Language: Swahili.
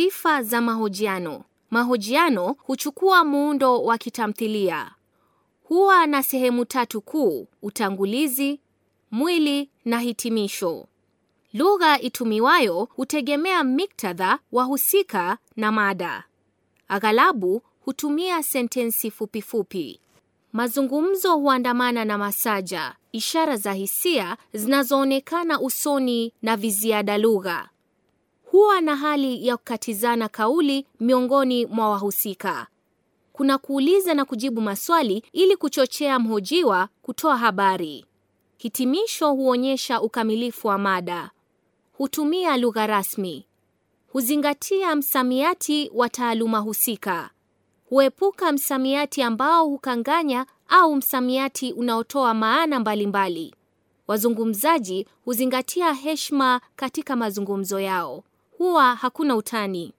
Sifa za mahojiano. Mahojiano huchukua muundo wa kitamthilia. Huwa na sehemu tatu kuu: utangulizi, mwili na hitimisho. Lugha itumiwayo hutegemea miktadha wahusika na mada. Aghalabu hutumia sentensi fupifupi. Mazungumzo huandamana na masaja, ishara za hisia zinazoonekana usoni na viziada lugha huwa na hali ya kukatizana kauli miongoni mwa wahusika. Kuna kuuliza na kujibu maswali ili kuchochea mhojiwa kutoa habari. Hitimisho huonyesha ukamilifu wa mada. Hutumia lugha rasmi. Huzingatia msamiati wa taaluma husika. Huepuka msamiati ambao hukanganya au msamiati unaotoa maana mbalimbali. Wazungumzaji huzingatia heshima katika mazungumzo yao huwa hakuna utani.